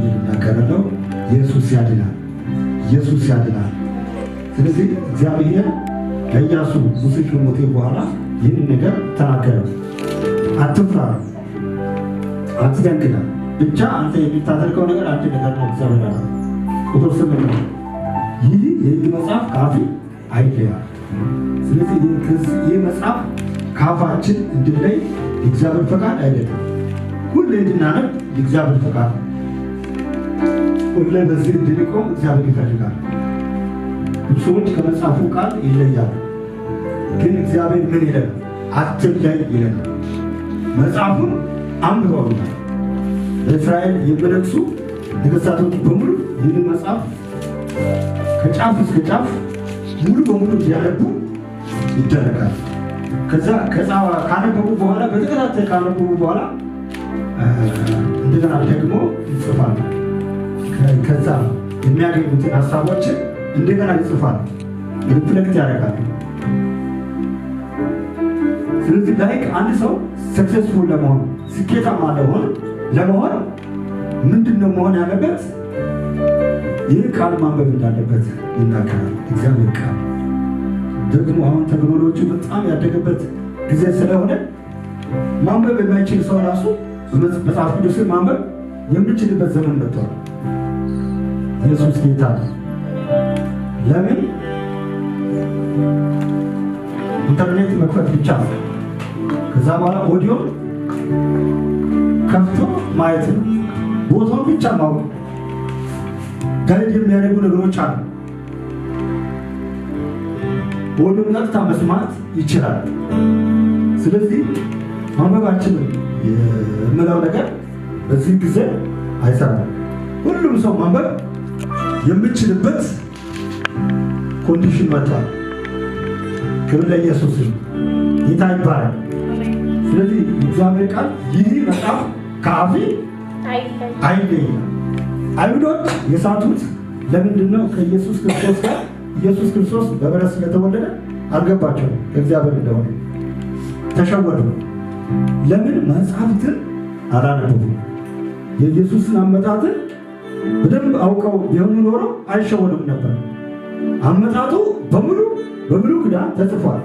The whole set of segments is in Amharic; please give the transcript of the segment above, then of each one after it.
ብዬ እናገራለሁ። ኢየሱስ ያድናል፣ ኢየሱስ ያድናል። ስለዚህ እግዚአብሔር ለኢያሱ ሙሴ ከሞተ በኋላ ይህን ነገር ተናገረ። አትፍራ፣ አትደንግጥ፣ ብቻ አንተ የምታደርገው ነገር አንድ ነገር ነው። እግዚአብሔር ቁጥር ስምንት ይህ የህግ መጽሐፍ ከአፍህ አይለያ። ስለዚህ ይህ መጽሐፍ ከአፋችን እንድንለይ የእግዚአብሔር ፈቃድ አይደለም። ሁሌ እንድናነብ የእግዚአብሔር ፈቃድ ነው። መስኮት ላይ በዚህ እንድንቆም እግዚአብሔር ይፈልጋል። ብዙ ሰዎች ከመጽሐፉ ቃል ይለያሉ። ግን እግዚአብሔር ምን ይለናል? አትለይ ይለናል። መጽሐፉን አንብበውናል። በእስራኤል የሚነግሱ ነገሥታቶች በሙሉ ይህን መጽሐፍ ከጫፍ እስከ ጫፍ ሙሉ በሙሉ እንዲያነቡ ይደረጋል። ከዛ ካነበቡ በኋላ በተከታታይ ካነበቡ በኋላ እንደገና ደግሞ ይጽፋል። ከዛ የሚያገኙትን ሀሳቦችን እንደገና ይጽፋል፣ ሪፍሌክት ያደርጋል። ስለዚህ ላይክ አንድ ሰው ሰክሰስፉል ለመሆን ስኬታማ ለመሆን ለመሆን ምንድን ነው መሆን ያለበት? ይህ ቃል ማንበብ እንዳለበት ይናገራል እግዚአብሔር ቃል። ደግሞ አሁን ቴክኖሎጂ በጣም ያደገበት ጊዜ ስለሆነ ማንበብ የማይችል ሰው ራሱ መጽሐፍ ቅዱስን ማንበብ የምችልበት ዘመን መጥቷል። ኢየሱስ ጌታ ነው። ለምን ኢንተርኔት መክፈት ብቻ ነው። ከዛ በኋላ ኦዲዮ ከፍቶ ማየት ነው። ቦታው ብቻ ማወቅ ጋይድ የሚያደርጉ ነገሮች አሉ። ኦዲዮን ቀጥታ መስማት ይችላል። ስለዚህ ማንበባችን የምለው ነገር በዚህ ጊዜ አይሰራም። ሁሉም ሰው ማንበብ የምችልበት ኮንዲሽን መጥቷል። ክብር ለኢየሱስ ጌታ ይባላል። ስለዚህ እግዚአብሔር ቃል ይህ መጽሐፍ ከአፊ አይለይም። አይሁዶች የሳቱት ለምንድን ነው? ከኢየሱስ ክርስቶስ ጋር ኢየሱስ ክርስቶስ በበረስ ስለተወለደ አልገባቸው እግዚአብሔር እንደሆነ ተሸወዱ። ለምን መጽሐፍትን አላነበቡም? የኢየሱስን አመጣትን በደንብ አውቀው ቢሆኑ ኖሮ አይሸወዱም ነበር። አመጣጡ በሙሉ በሙሉ ኪዳን ተጽፏል።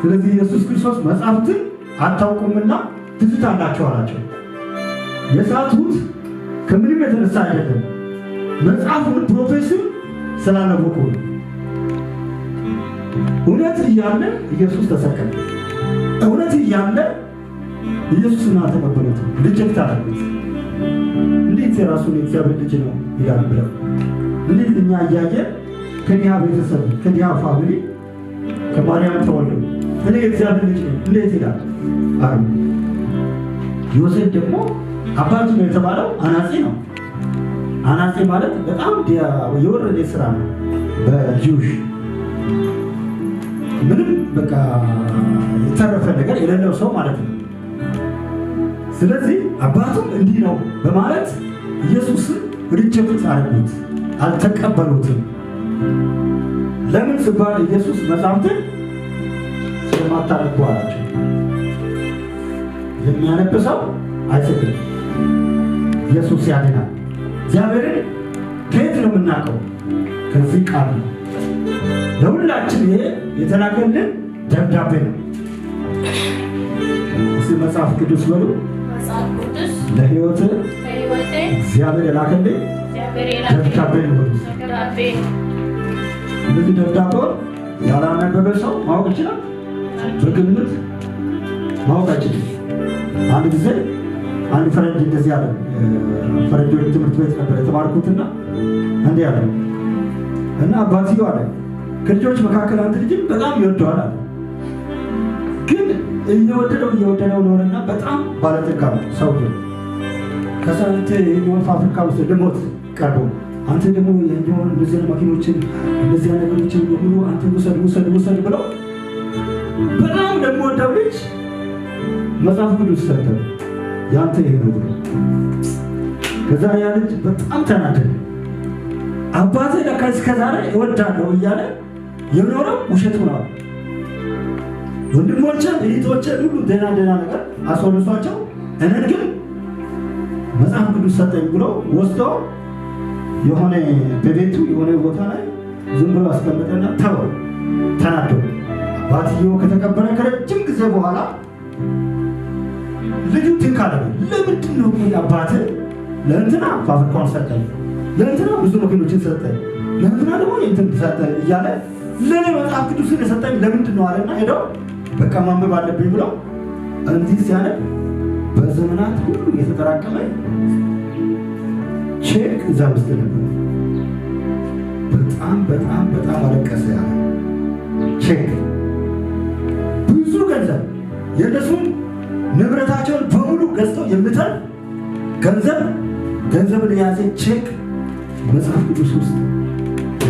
ስለዚህ ኢየሱስ ክርስቶስ መጽሐፍትን አታውቁምና ትዝታላችሁ አላቸው። የሳቱት ከምንም የተነሳ አይደለም፣ መጽሐፉን ፕሮፌስን ስላነበቁ እውነት እያለ ኢየሱስ ተሰቀለ። እውነት እያለ ኢየሱስን አልተቀበሉትም፣ ሪጀክት አደረጉት። እንዴት የራሱን የእግዚአብሔር ልጅ ነው ይላል ብለው እንዴት እኛ እያየን ከኒያ ቤተሰብ ከኒያ ፋሚሊ ከማርያም ተወልዶ እኔ የእግዚአብሔር ልጅ ነው እንዴት ይላል አሉ። ዮሴፍ ደግሞ አባቱ ነው የተባለው አናጺ ነው። አናጺ ማለት በጣም የወረደ ስራ ነው በጂውሽ ምንም በቃ የተረፈ ነገር የሌለው ሰው ማለት ነው። ስለዚህ አባቱም እንዲህ ነው በማለት ኢየሱስን ሪጀክት አድርጉት፣ አልተቀበሉትም። ለምን ስባል ኢየሱስ መጻሕፍትን ስለማታነቡ አላቸው። የሚያነብ ሰው ኢየሱስ ያድናል። እግዚአብሔርን ከየት ነው የምናውቀው? ከዚህ ቃል ነው። ለሁላችን ይሄ የተላከልን ደብዳቤ ነው። እስቲ መጽሐፍ ቅዱስ በሉ ለህይወት እግዚአብሔር የላክልኝ ደብዳቤ ነው። እነዚህ ደብዳቤውን ያላነበበ ሰው ማወቅ ይችላል? በግምት ማወቅ አይችልም። አንድ ጊዜ አንድ ፈረንጅ እንደዚህ አለ። ፈረንጆች ትምህርት ቤት ነበር የተማርኩትና እንዲህ አለ እና አባትዮ አለ ከልጆች መካከል አንድ ልጅ በጣም ይወደዋል አለ ግን የሚወደደው እየወደደው ኖረና በጣም ባለጠጋ ሰው ከሰንት የሚሆን ፋብሪካ ውስጥ ልሞት ቀርቦ አንተ ደግሞ የሚሆን እንደዚህ መኪኖችን እንደዚህ ነገሮችን ሁሉ አንተ ውሰድ ውሰድ ውሰድ ብለው በጣም ደግሞ ወደው ልጅ መጽሐፍ ቅዱስ ሰጠ ያንተ ይሄ ነው ብሎ ከዛ ያ ልጅ በጣም ተናደደ። አባቴ ለካ እስከ ዛሬ እወዳለሁ እያለ የኖረው ውሸት ሆኗል። ወንድሞችን እህቶችን ሁሉ ደህና ደህና ነገር አስወርሷቸው። እኔን ግን መጽሐፍ ቅዱስ ሰጠኝ ብሎ ወስዶ የሆነ በቤቱ የሆነ ቦታ ላይ ዝም ብሎ አስቀምጠና ተው ተናዶ አባትየው ከተቀበረ ከረጅም ጊዜ በኋላ ልጁ ትካለ ለምንድን ነው አባት ለእንትና ፋብሪካውን ሰጠኝ፣ ለእንትና ብዙ መኪኖችን ሰጠኝ፣ ለእንትና ደግሞ እንትን ሰጠኝ እያለ ለእኔ መጽሐፍ ቅዱስን የሰጠኝ ለምንድን ነው አለና ሄደው በቃ ማንበብ አለብኝ ብለው እንዲህ ሲያነብ በዘመናት ሁሉ የተጠራቀመ ቼክ እዛ ውስጥ ነበር። በጣም በጣም በጣም አለቀሰ። ያለ ቼክ ብዙ ገንዘብ የእነሱም ንብረታቸውን በሙሉ ገዝተው የምተር ገንዘብ ገንዘብን የያዘ ቼክ መጽሐፍ ቅዱስ ውስጥ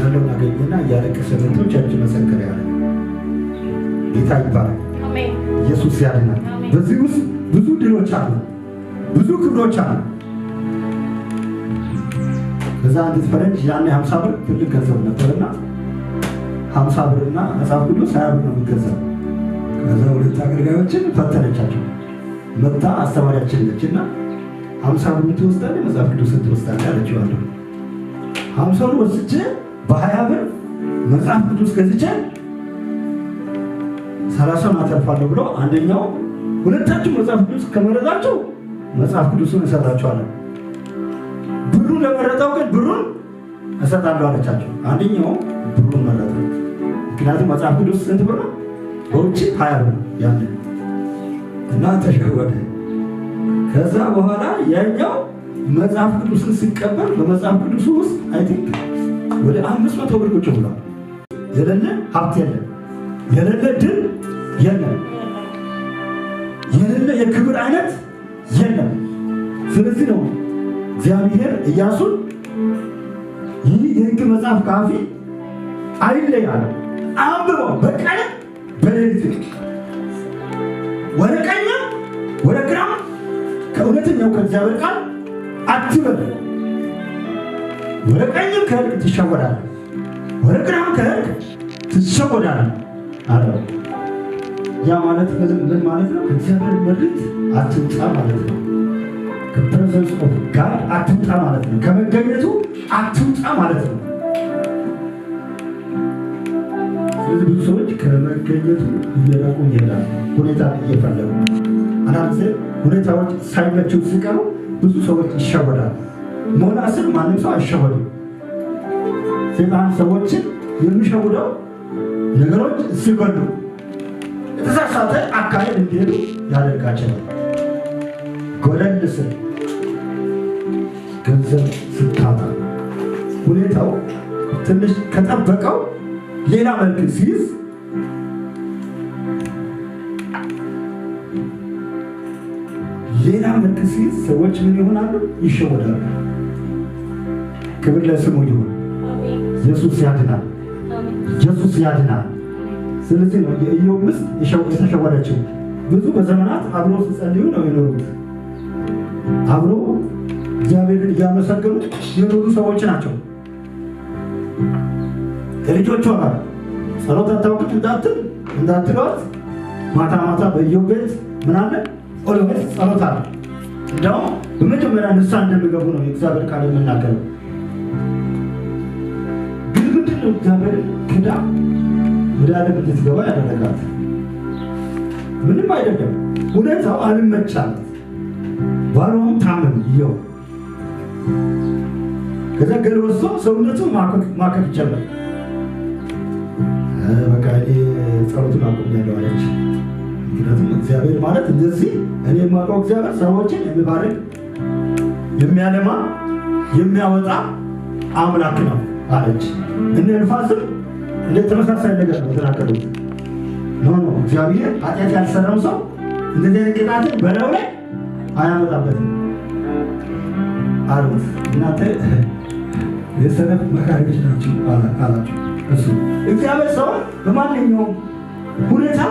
ያለውን አገኘና እያለቀሰ መጥቶ ቸርች መሰከረ ያለው ጌታ ይባላል። ኢየሱስ ያድናል። በዚህ ውስጥ ብዙ ድሎች አሉ፣ ብዙ ክብሮች አሉ። ከዛ አንዲት ፈረንጅ ያኔ ሀምሳ ብር ትልቅ ገንዘብ ነበርና ሀምሳ ብርና መጽሐፍ ቅዱስ ሀያ ብር ነው የሚገዛው። ከዛ ሁለት አገልጋዮችን ፈተነቻቸው። መታ አስተማሪያችን ነች እና ሀምሳ ብር ትወስዳለህ መጽሐፍ ቅዱስን ትወስዳለህ አለችዋለሁ። ሀምሳውን ወስጄ በሀያ ብር መጽሐፍ ቅዱስ ገዝቼ ሰላሳውን አተርፋለሁ ብሎ አንደኛው ሁለታችሁ መጽሐፍ ቅዱስ ከመረጣችሁ መጽሐፍ ቅዱሱን እሰጣችኋለሁ፣ ብሩ ለመረጠው ግን ብሩን እሰጣለሁ አለቻቸው። አንደኛው ብሩን መረጠ። ምክንያቱም መጽሐፍ ቅዱስ ስንት ብር ነው? በውጭ ሀያ ብር ያለ እና ተሸወደ። ከዛ በኋላ ያኛው መጽሐፍ ቅዱስን ሲቀበል በመጽሐፍ ቅዱሱ ውስጥ አይ ወደ አምስት መቶ ብር ቁጭ ብሏል። የሌለ ሀብት የለም የሌለ ድል የለም። የሌለ የክብር አይነት የለም። ስለዚህ ነው እግዚአብሔር ኢያሱን ይህ የሕግ መጽሐፍ ካፊ አይለይ አለ። አንብበው በቀን በሌሊት ወደ ቀኝ ወደ ግራ ከእውነተኛው ከእግዚአብሔር ቃል አትበል። ወደ ቀኝ ከሕግ ትሸወዳለህ፣ ወደ ግራም ከሕግ ትሸወዳለህ አለው። ያ ማለት ምን ማለት ነው? ከእግዚአብሔር ምሪት አትውጣ ማለት ነው። ከፕሬዘንስ ኦፍ ጋድ አትውጣ ማለት ነው። ከመገኘቱ አትውጣ ማለት ነው። ስለዚህ ብዙ ሰዎች ከመገኘቱ እየራቁ ይሄዳል፣ ሁኔታ እየፈለጉ አናንተ ሁኔታዎች ሳይመቸው ሲቀሩ ብዙ ሰዎች ይሸወዳል። ሞላ ስል ማንም ሰው አይሸወድም። ሴጣን ሰዎችን የሚሸውደው ነገሮች ሲበሉ እዛ ሳተ አካሄድ እንዲሄዱ ያደርጋቸዋል። ጎለል ስል ገንዘብ ስታጣ ሁኔታው ትንሽ ከጠበቀው ሌላ መልክ ሲይዝ ሌላ መልክ ሲይዝ ሰዎች ምን ይሆናሉ? ይሸወዳሉ። ክብር ለስሙ ይሁን። ኢየሱስ ያድናል። ኢየሱስ ያድናል። ስለዚህ ነው የኢዮብ ውስጥ የተሸወደችው። ብዙ በዘመናት አብሮ ሲጸልዩ ነው የኖሩት። አብሮ እግዚአብሔርን እያመሰገኑ የኖሩ ሰዎች ናቸው። ከልጆቿ ጋር ጸሎት አታውቅም እንዳትል እንዳትለዋት ማታ ማታ በኢዮብ ቤት ምናለ ኦሎ ቤት ጸሎት አለ። እንዲያውም በመጀመሪያ ንሳ እንደሚገቡ ነው የእግዚአብሔር ቃል የምናገረው። ግን ምንድን ነው እግዚአብሔርን ክዳ ወደ ዓለም እንድትገባ ያደረጋት ምንም አይደለም። ሁኔታው አልመቻላት። ባሏም ታመም እየው ከዛ ገል ወስዶ ሰውነቱን ማከፍ ይቻላል። በቃ እኔ ጸሎቱን አቁሜያለሁ አለች። ምክንያቱም እግዚአብሔር ማለት እንደዚህ እኔ የማውቀው እግዚአብሔር ሰዎችን የሚባረክ የሚያለማ የሚያወጣ አምላክ ነው አለች። እነ ንፋስም ተመሳሳይ ነገር ነው ተናገሩት። ኖ ኖ እግዚአብሔር ኃጢአት ያልሰራው ሰው እንደዚህ አይነት ቅጣትን በለው ላይ አያመጣበትም አሉት። እናንተ የሰነፍ መካሪዎች ናቸው አላቸው። እሱ እግዚአብሔር ሰውን በማንኛውም ሁኔታ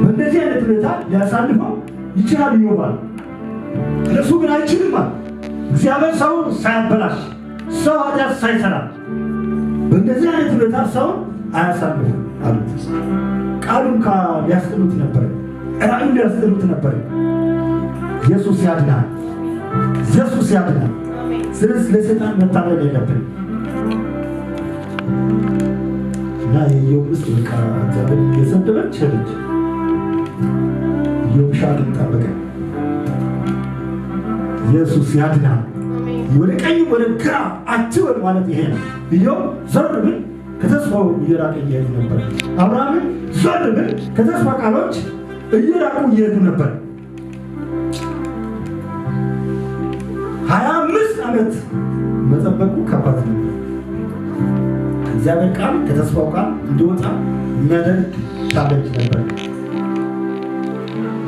በእንደዚህ አይነት ሁኔታ ሊያሳልፈው ይችላል ይሆናል። እነሱ ግን አይችልም። እግዚአብሔር ሰው ሳያበላሽ ሰው ኃጢአት ሳይሰራ እንደዚህ አይነት ሁኔታ ሰው አያሳልፍም አሉት። ቃሉን ያስጥሉት ነበር፣ ራእዩ ሊያስጥሉት ነበር። ኢየሱስ ያድናል፣ ኢየሱስ ያድናል። ስለዚህ ለሰይጣን መታለል የለብን እና የኢዮብ ምስት በቃ እግዚአብሔር የሰደበች ሄደች። ኢዮብ ሻግን ጠበቀ። ኢየሱስ ያድናል ወደ ቀኝ ወደ ግራ አትበል ማለት ይሄ ነው። ኢዮብ ዘር ብል ከተስፋው እየራቀ እየሄዱ ነበር። አብርሃምን ዘር ብል ከተስፋ ቃሎች እየራቁ እየሄዱ ነበር። ሀያ አምስት ዓመት መጠበቁ ከባድ ነው። እግዚአብሔር ቃል ከተስፋው ቃል እንዲወጣ የሚያደርግ ታለች ነበር።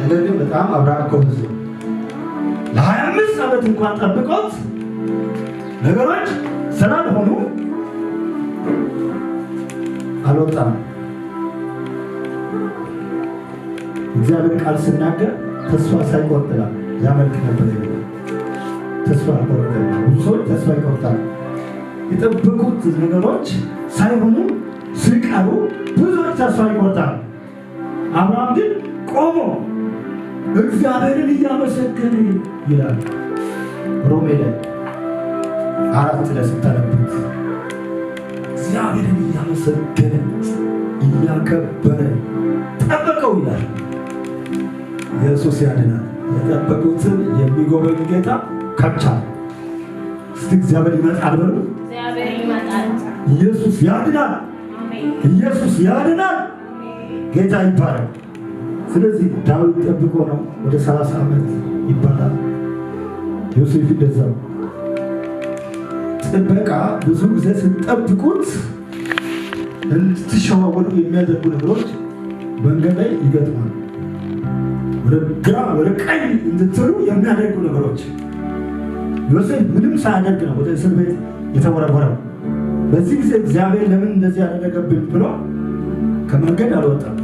ነገር ግን በጣም አብርሃም ኮብዝ ለሀያ አምስት ዓመት እንኳን ጠብቆት ነገሮች ስላልሆኑ አልወጣም። እግዚአብሔር ቃል ስናገር ተስፋ ሳይቆርጥላል ያመልክ ነበር። ተስፋ ቆርጠ ብዙ ሰዎች ተስፋ ይቆርጣል። የጠበቁት ነገሮች ሳይሆኑ ሲቀሩ ብዙዎች ተስፋ ይቆርጣል። አብርሃም ግን ቆሞ እግዚአብሔርን እያመሰገነ ይላል ሮሜ ላይ አራት ላይ እግዚአብሔርን እያመሰገነ እያከበረ ጠበቀው ይላል። ኢየሱስ ያድናል። የጠበቁትን የሚጎበኝ ጌታ ከብቻ እስቲ እግዚአብሔር ይመጣል በሉ። ኢየሱስ ያድናል። ኢየሱስ ያድናል። ጌታ ይባላል። ስለዚህ ዳዊት ጠብቆ ነው ወደ ሰላሳ ዓመት ይባላል። ዮሴፍ እንደዛው ጥበቃ ብዙ ጊዜ ስትጠብቁት እንድትሸዋወሉ የሚያደርጉ ነገሮች መንገድ ላይ ይገጥማሉ። ወደ ግራ ወደ ቀኝ እንድትሉ የሚያደርጉ ነገሮች። ዮሴፍ ምንም ሳያደርግ ነው ወደ እስር ቤት የተወረወረው። በዚህ ጊዜ እግዚአብሔር ለምን እንደዚህ ያደረገብኝ ብሎ ከመንገድ አልወጣም።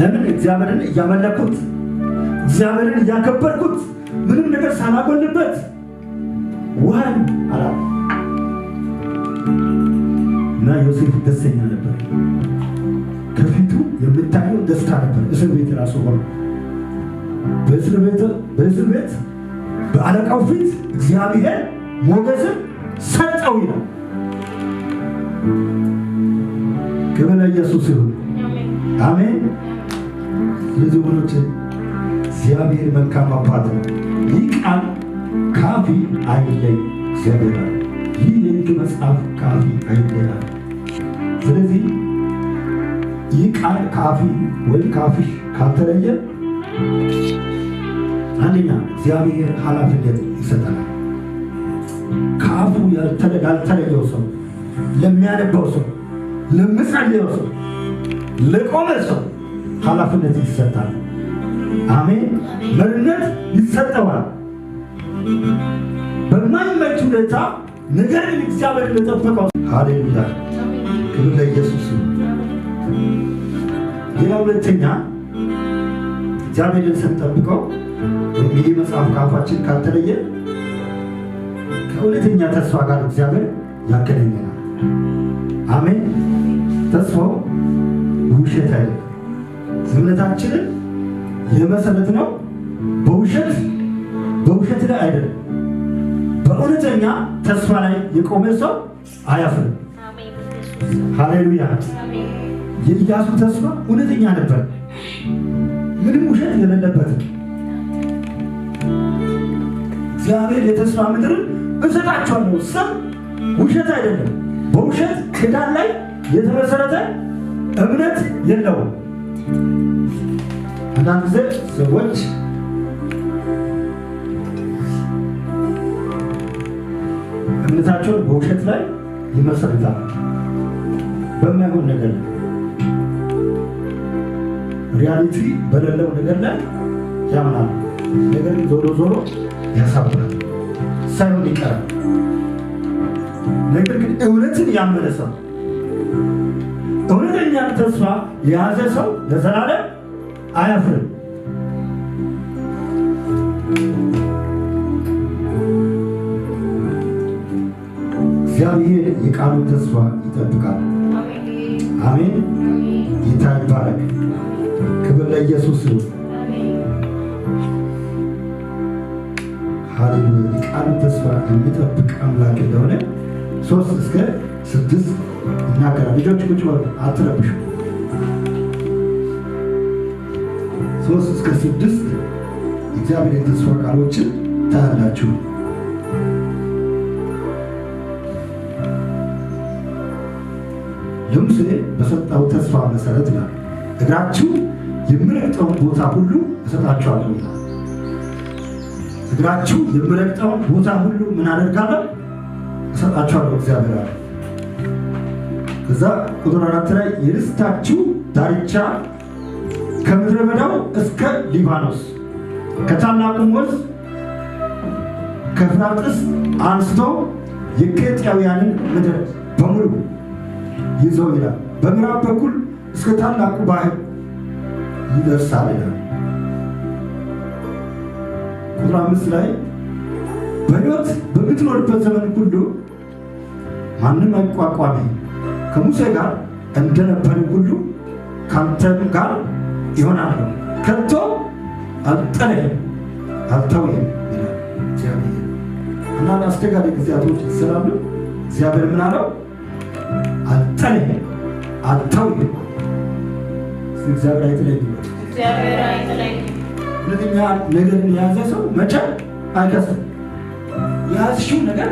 ለምን እግዚአብሔርን እያመለኩት፣ እግዚአብሔርን እያከበርኩት፣ ምንም ነገር ሳላጎልበት ዋን አላ እና ዮሴፍ ደስተኛ ነበር። ከፊቱ የምታየው ደስታ ነበር። እስር ቤት ራሱ ሆኖ በእስር ቤት በአለቃው ፊት እግዚአብሔር ሞገስን ሰጠው ይላል። ክብር ለኢየሱስ ይሁን፣ አሜን። ልጅ ወንዶች እግዚአብሔር መልካም አባት ነው። ይህ ካፊ አይለይ እግዚአብሔር አለ። ይህ የህግ መጽሐፍ ካፊ አይለይ ስለዚህ ይህ ቃል ካፊ ወይም ካፊሽ ካልተለየ አንደኛ እግዚአብሔር ኃላፊነት ይሰጠናል። ካፉ ያልተለየው ሰው ለሚያነባው ሰው ለምጸልየው ሰው ለቆመ ሰው ኃላፊነት ይሰጣል። አሜን። መሪነት ይሰጠዋል። በማይመች ሁኔታ ነገር ግን እግዚአብሔር ለጠበቀው ሃሌሉያ ክብር ለኢየሱስ። ሌላ ሁለተኛ እግዚአብሔርን ስንጠብቀው ወይም ይህ መጽሐፍ ከአፋችን ካልተለየ ከእውነተኛ ተስፋ ጋር እግዚአብሔር ያገናኘናል። አሜን። ተስፋው ውሸት አይደለም። እምነታችንን የመሰረት ነው በውሸት በውሸት ላይ አይደለም። በእውነተኛ ተስፋ ላይ የቆመ ሰው አያፍርም። ሃሌሉያ! የኢያሱ ተስፋ እውነተኛ ነበር፣ ምንም ውሸት የሌለበትም። እግዚአብሔር የተስፋ ምድርን እሰጣቸዋለሁ ስም ውሸት አይደለም። በውሸት ክዳን ላይ የተመሰረተ እምነት የለውም። አንዳንድ ጊዜ ሰዎች እምነታቸውን በውሸት ላይ ይመሰርታል፣ በማይሆን ነገር ላይ ሪያሊቲ በሌለው ነገር ላይ ያምናል። ነገር ዞሮ ዞሮ ያሳብራል፣ ሳይሆን ይቀራል። ነገር ግን እውነትን ያመነ ሰው እውነተኛን ተስፋ የያዘ ሰው ለዘላለም አያፍርም። እግዚአብሔር የቃሉን ተስፋ ይጠብቃል። አሜን። ጌታ ይባረክ። ክብር ለኢየሱስ ይሁን። ሃሌሉያ። የቃሉን ተስፋ የሚጠብቅ አምላክ እንደሆነ ሶስት እስከ ስድስት እናገራል። ልጆች ቁጭ በሉ፣ አትረብሹ። ሶስት እስከ ስድስት እግዚአብሔር የተስፋ ቃሎችን ታያላችሁ። ለሙሴ በሰጠው ተስፋ መሰረት ይላል እግራችሁ የምረግጠውን ቦታ ሁሉ እሰጣችኋለሁ ይላል። እግራችሁ የምረግጠውን ቦታ ሁሉ ምን አደርጋለሁ? እሰጣችኋለሁ እግዚአብሔር አለ። ከዛ ቁጥር አራት ላይ የርስታችሁ ዳርቻ ከምድረ በዳው እስከ ሊባኖስ ከታላቁም ወንዝ ከፍራጥስ አንስቶ የኬጢያውያንን ምድር በሙሉ ይዘው ይላል። በምዕራብ በኩል እስከ ታላቁ ባህር ይደርሳል ይላል። ቁጥር አምስት ላይ በሕይወት በምትኖርበት ዘመን ሁሉ ማንም አይቋቋሚ ከሙሴ ጋር እንደነበረ ሁሉ ከአንተም ጋር ይሆናል፣ ከቶ አልጥልህም አልተውህም ይላል እግዚአብሔር። እና አስቸጋሪ ጊዜያቶች ስላሉ እግዚአብሔር ምን አለው? አጠለ አታው እግዚአብሔር አይጥለኝ። ሁለተኛ ነገርን የያዘ ሰው መቼ አይከስም። የያዝሽው ነገር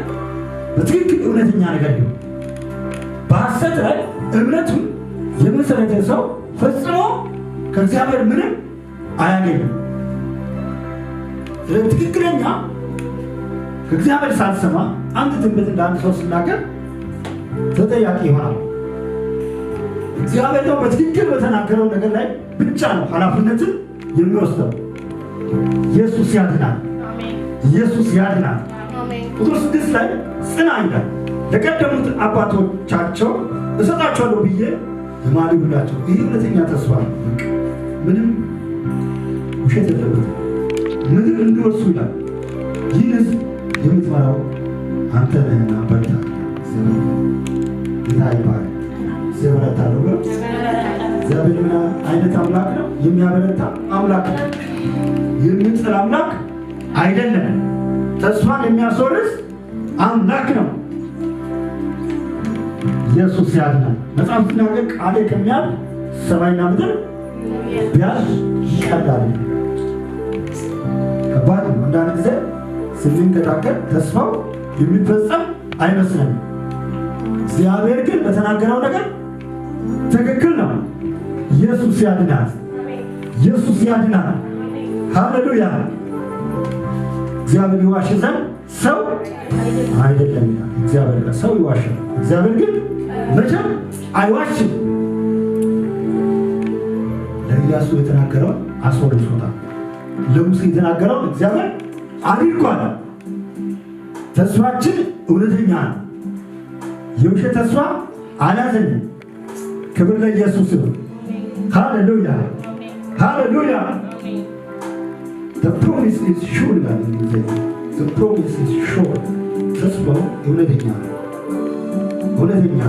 በትክክል እውነተኛ ነገር ነው። በሐሰት ላይ እምነቱን የመሰረተ ሰው ፈጽሞ ከእግዚአብሔር ምንም አያገኝም። ስለ ትክክለኛ ከእግዚአብሔር ሳትሰማ አንድ ትንቢት እንደ አንድ ሰው ስናገር ተጠያቂ ይሆናል። እግዚአብሔር ደግሞ በትክክል በተናገረው ነገር ላይ ብቻ ነው ኃላፊነትን የሚወስደው። ኢየሱስ ያድናል። ኢየሱስ ያድናል። ቁጥር ስድስት ላይ ጽና ይላል። ለቀደሙት አባቶቻቸው እሰጣቸዋለሁ ብዬ ለማል ይሁላቸው። ይህ እውነተኛ ተስፋ ነው። ምንም ውሸት የለበት። ምድር እንዲወርሱ ይላል። ይህን ህዝብ የምትመራው አንተ ነህና በርታ። ጌታ ይባል። ሲበረታ ነው ብሎ እግዚአብሔር ምን አይነት አምላክ ነው? የሚያበረታ አምላክ ነው። የሚጥል አምላክ አይደለም። ተስፋን የሚያስወርስ አምላክ ነው። ኢየሱስ ያድናል። መጽሐፍ ሲናገር ቃሌ ከሚያልፍ ሰማይና ምድር ቢያልፍ ይቀላል። ከባድ ነው። አንዳንድ ጊዜ ስንንቀጣቀጥ ተስፋው የሚፈጸም አይመስለንም። እግዚአብሔር ግን በተናገረው ነገር ትክክል ነው። ኢየሱስ ያድናል። ኢየሱስ ያድናል። ሃሌሉያ። እግዚአብሔር ይዋሽ ዘንድ ሰው አይደለም ይላል። እግዚአብሔር ሰው ይዋሻል፣ እግዚአብሔር ግን መቼም አይዋሽም። ለኢያሱ የተናገረውን አስወርሶታል። ለሙሴ የተናገረውን እግዚአብሔር አድርጓል። ተስፋችን እውነተኛ ነው። የውሸት ተስፋ አላዘኝም። ክብር ለኢየሱስ ነው። ሃሌሉያ ሃሌሉያ። The promise is sure ይላል እንግሊዝኛ። The promise is sure ተስፋው እውነተኛ እውነተኛ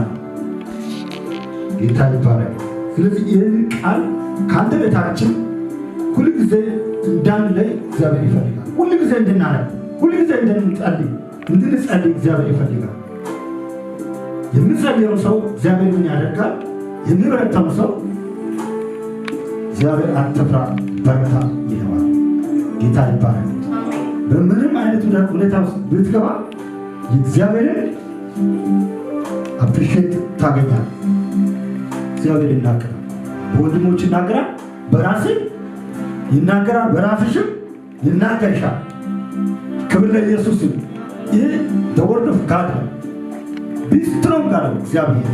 ጌታ ይባረክ። ስለዚህ ይህን ቃል ከአንተ ቤታችን ሁልጊዜ እንዳንለይ እግዚአብሔር ይፈልጋል። ሁልጊዜ እንድናረግ፣ ሁልጊዜ እንድንጸልይ፣ እንድንጸልይ እግዚአብሔር ይፈልጋል። የሚጸልየው ሰው እግዚአብሔር ምን ያደርጋል? የሚበረታው ሰው እግዚአብሔር አትፍራ በረታ ይለዋል። ጌታ ይባላል። በምንም አይነት ሁኔታ ውስጥ ብትገባ የእግዚአብሔርን አፕሪሼት ታገኛል። እግዚአብሔር ይናገራል፣ በወንድሞች ይናገራል፣ በራስህ ይናገራል፣ በራስሽም ይናገርሻል። ክብር ለኢየሱስ። ይህ ዘ ወርድ ኦፍ ጋድ ነው። ቢ አለ እግዚአብሔር።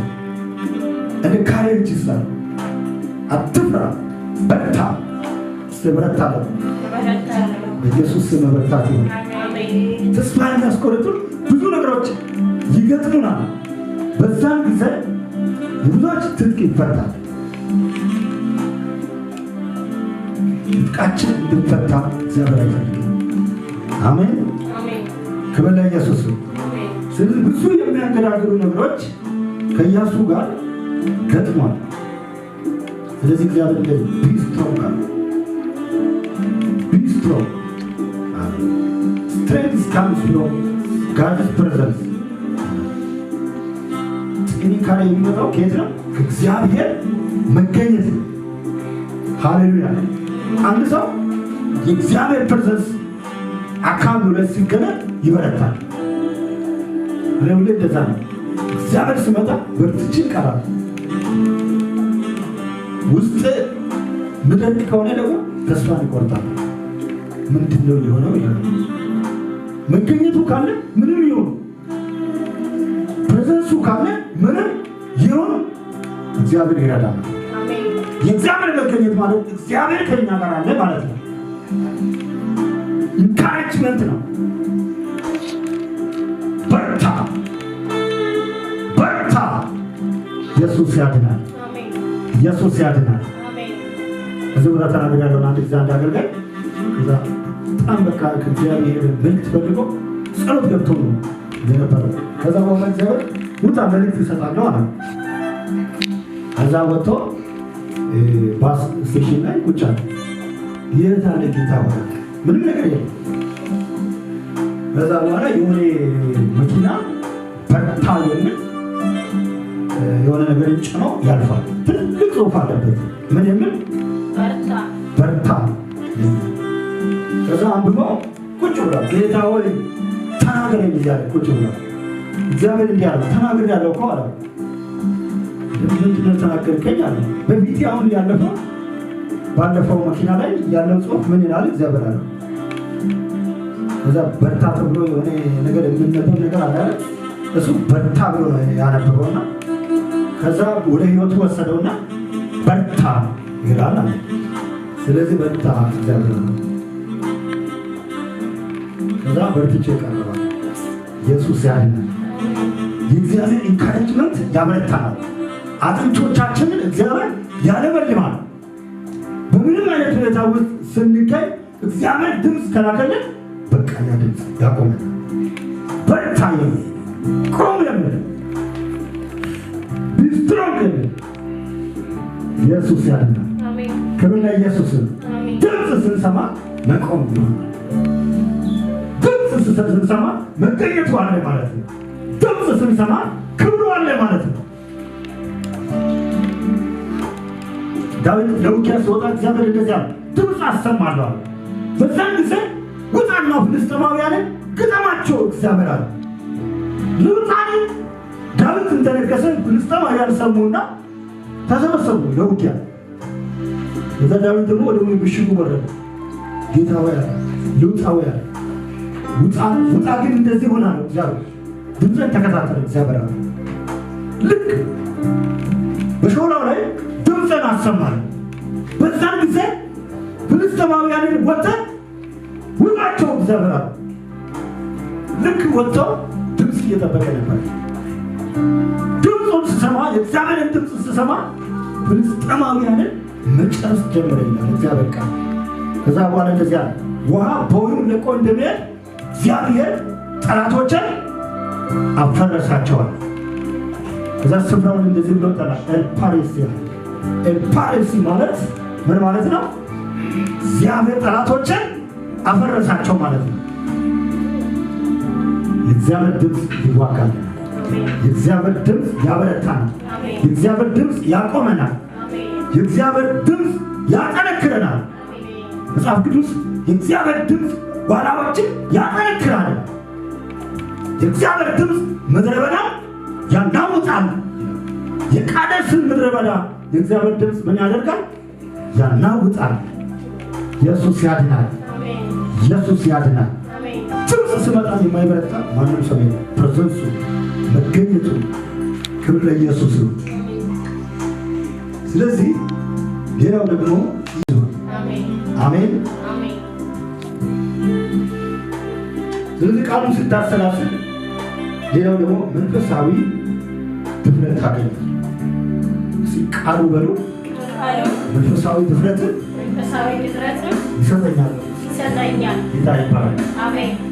እንካሬጅ ይስራ፣ አትፍራ፣ በርታ። ስብረታ ነው በኢየሱስ ስም መበርታት ነው። ተስፋ የሚያስቆርጡ ብዙ ነገሮች ይገጥሙናል። በዛም ጊዜ የብዙዎች ትጥቅ ይፈታል። ትጥቃችን እንድንፈታ እግዚአብሔር አይፈልግም። አሜን። ክብር ለኢየሱስ። ስለዚህ ብዙ የሚያንገዳግሩ ነገሮች ከኢያሱ ጋር ገጥሟል። ስለዚህ እግዚአብሔር ደ ቢስትሮ ጋር ቢስትሮ ስትሬንግዝ ካምስ ፍሮም ጋድስ ፕሬዘንስ ጥንካሬ የሚመጣው ከየት ነው? ከእግዚአብሔር መገኘት ነው። ሃሌሉያ! አንድ ሰው የእግዚአብሔር ፕሬዘንስ አካል ብሎ ሲገነ ይበረታል። ለምን እንደዛ ነው? እግዚአብሔር ሲመጣ በርትቼ እቀራለሁ። ውስጥ ምደቅ ከሆነ ደግሞ ተስፋን ይቆርጣል ምንድን ነው የሆነው? ይ መገኘቱ ካለ ምንም ይሆን ፕሬዘንሱ ካለ ምንም ይሆን እግዚአብሔር ይረዳል። የእግዚአብሔር መገኘት ማለት እግዚአብሔር ከኛ ጋር አለ ማለት ነው። ኢንካሬጅመንት ነው። ኢየሱስ ያድናል። ኢየሱስ ያድናል። እዚህ ቦታ ተናግሬያለሁ። አንድ ጊዜ አንድ አገልጋይ እዛ በጣም በቃ እግዚአብሔር መልዕክት ፈልጎ ጸሎት ገብቶ ነው የነበረው። ከዛ በኋላ እግዚአብሔር ውጣ መልዕክት ይሰጣለሁ አለ። ከዛ ወጥቶ ባስ ስቴሽን ላይ ቁጭ አለ። የት አለ ጌታ ሆነ ምንም ነገር የለም። ከዛ በኋላ የሆነ መኪና በታ የሚል የሆነ ነገር ጭነው ያልፋል። ትልቅ ጽሁፍ አለበት። ምን የሚል በርታ። ከዛ አንብቦ ቁጭ ብሏል። ጌታ ወይ ተናገር እያለ ቁጭ ብሏል። እግዚአብሔር እንዲህ አለ ተናገር ያለው እኮ አለ ምንድነው ተናገርከኝ አለ። በፊት አሁን ያለፈው ባለፈው መኪና ላይ ያለው ጽሁፍ ምን ይላል? እግዚአብሔር አለ እዛ በርታ ተብሎ የሆነ ነገር የምነበብ ነገር አለ። እሱ በርታ ብሎ ያነበበውና ከዛ ወደ ህይወቱ ወሰደውና በርታ ይላል አለ። ስለዚህ በርታ እግዚአብሔር ከዛ በርትቼ ቀረባል። ኢየሱስ ያድነ። የእግዚአብሔር ኢንካሬጅመንት ያበረታናል። አጥንቶቻችንን እግዚአብሔር ያለመልማል። በምንም አይነት ሁኔታ ውስጥ ስንገኝ እግዚአብሔር ድምፅ ከላከልን በቃ ያ ድምፅ ያቆመናል። በርታ የሚ ቁም ለምለም ድረግን ኢየሱስ ያድናል። ክብር ለኢየሱስን ድምፅ ስንሰማ መቆም ድምፅ ስንሰማ መገኘቱ አለ ማለት ነው። ድምፅ ስንሰማ ክብሩ አለ ማለት ነው። ዳዊት ለውጊያ ሲወጣ እግዚአብሔር እንደዚህ አለ፣ ድምፅ አሰማለሁ አለ። በዛን ጊዜ ውጣና ፍልስጥኤማውያንን ግጠማቸው እግዚአብሔር አለ። ልውጣን ዳዊት እንደነገሰ ፍልስጤማውያን ሰሙና ተሰበሰቡ ለውጊያ። ከዛ ዳዊት ደግሞ ወደ ምሽጉ ወረደ። ጌታ ሆይ ልውጣ ወይ አለ። ውጣ ውጣ ግን እንደዚህ ሆና ነው እግዚአብሔር ድምፅን ተከታተለ። እግዚአብሔር ልክ በሾላው ላይ ድምፅን አሰማል። በዛን ጊዜ ፍልስጤማውያንን ወጥተን ውጣቸው እግዚአብሔር አለ። ልክ ወጥተው ድምፅ እየጠበቀ ነበር። ድምፁን ስሰማ የእግዚአብሔርን ድምፅ ስሰማ ፍልስጤማውያንን መጨረስ ጀመረ ይላል እዚያ በቃ ከዛ በኋላ እንደዚያ ውሃ በውኑ ለቆ እንደሚሄድ እግዚአብሔር ጠላቶችን አፈረሳቸዋል። እዛ ስፍራውን እንደዚህ ብሎ ጠራ ኤልፓሬሲ ኤልፓሬሲ ማለት ምን ማለት ነው? እግዚአብሔር ጠላቶችን አፈረሳቸው ማለት ነው። የእግዚአብሔር ድምፅ ይዋጋል። የእግዚአብሔር ድምፅ ያበረታናል። የእግዚአብሔር ድምፅ ያቆመናል። የእግዚአብሔር ድምፅ ያጠነክረናል። መጽሐፍ ቅዱስ የእግዚአብሔር ድምፅ ዋላዎችን ያጠነክራል። የእግዚአብሔር ድምፅ ምድረ በዳ ያናውጣል። የቃዴስን ምድረ በዳ የእግዚአብሔር ድምፅ ምን ያደርጋል? ያናውጣል። ኢየሱስ ያድናል። ኢየሱስ ያድናል። ድምፅ ስመጣን የማይበረታ ማንም ሰው ፕሬዘንሱ መገኘቱ ክብር ለኢየሱስ ነው። ስለዚህ ሌላው ደግሞ አሜን። ስለዚህ ቃሉን ስታሰላስል ሌላው ደግሞ መንፈሳዊ ድፍረት ታገኝ። ቃሉ በሉ መንፈሳዊ ድፍረት ይሰጠኛል ይሰጠኛል። ጌታ ይባላል።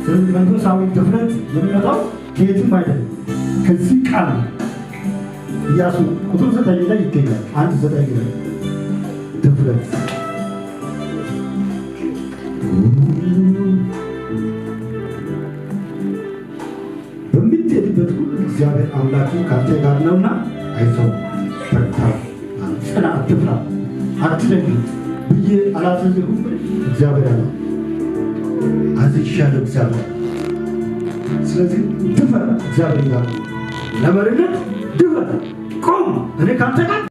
ስለዚህ መንፈሳዊ ድፍረት የሚመጣው ከየትም አይደለም ከዚህ ቃል ኢያሱ ቁጥር ዘጠኝ ላይ ይገኛል። አንድ ዘጠኝ ላይ ድፍረት በምትሄድበት ሁሉ እግዚአብሔር አምላክ ካንተ ጋር ነውና አይዞህ፣ በርታ፣ ጽና፣ አትፍራ፣ አትደንግጥ ብዬ አላዘዝሁም? እግዚአብሔር ያለው አዝሻለሁ። እግዚአብሔር ስለዚህ ድፈር፣ እግዚአብሔር ጋር ለመሪነት ድፈን ቁም። እኔ ካንተ ጋር